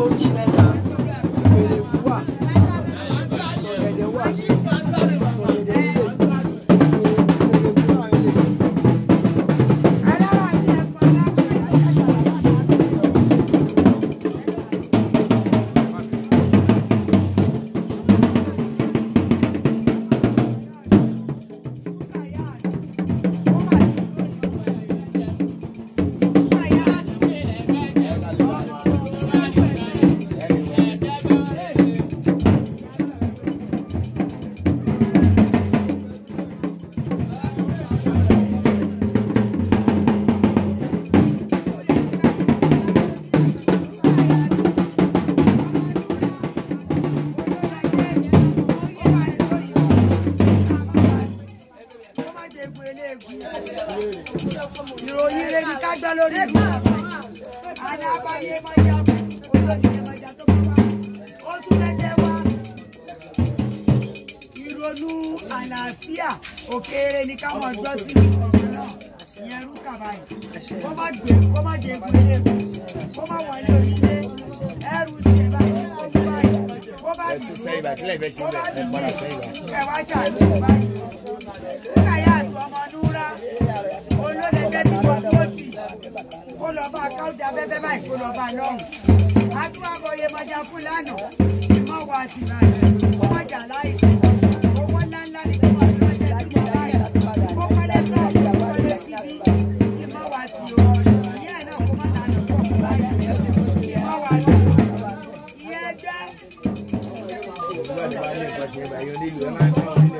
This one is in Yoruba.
毛主席万岁！ìròyìn rẹ ní ká gbọ́ lórí ìlú àná abáyé máa yá olóòdìyẹ máa yá tó bá wà ó tún lẹ́jẹ̀ wá ìrònú àlàáfíà òkèèrè ní káwọn gbọ́ sí ìròyìn náà ìyẹn rú kàbá yìí kó má dé kó má dé egun eléèkó kó má wọlé onílé ẹrù tiẹ̀ báyìí kó mú báyìí kó bá dùn ún kó bá dùn ún ẹ̀wá jà ló báyìí. lọ bá káwùdà bẹ́bẹ́ báyìí kó lọ bá lọ́hùn. adúlábọ̀yé mọ̀jà fúlànà ìmọ̀ wà àtìmọ̀ rẹ̀ ọmọjà láìsí owó sí mọ́ báyìí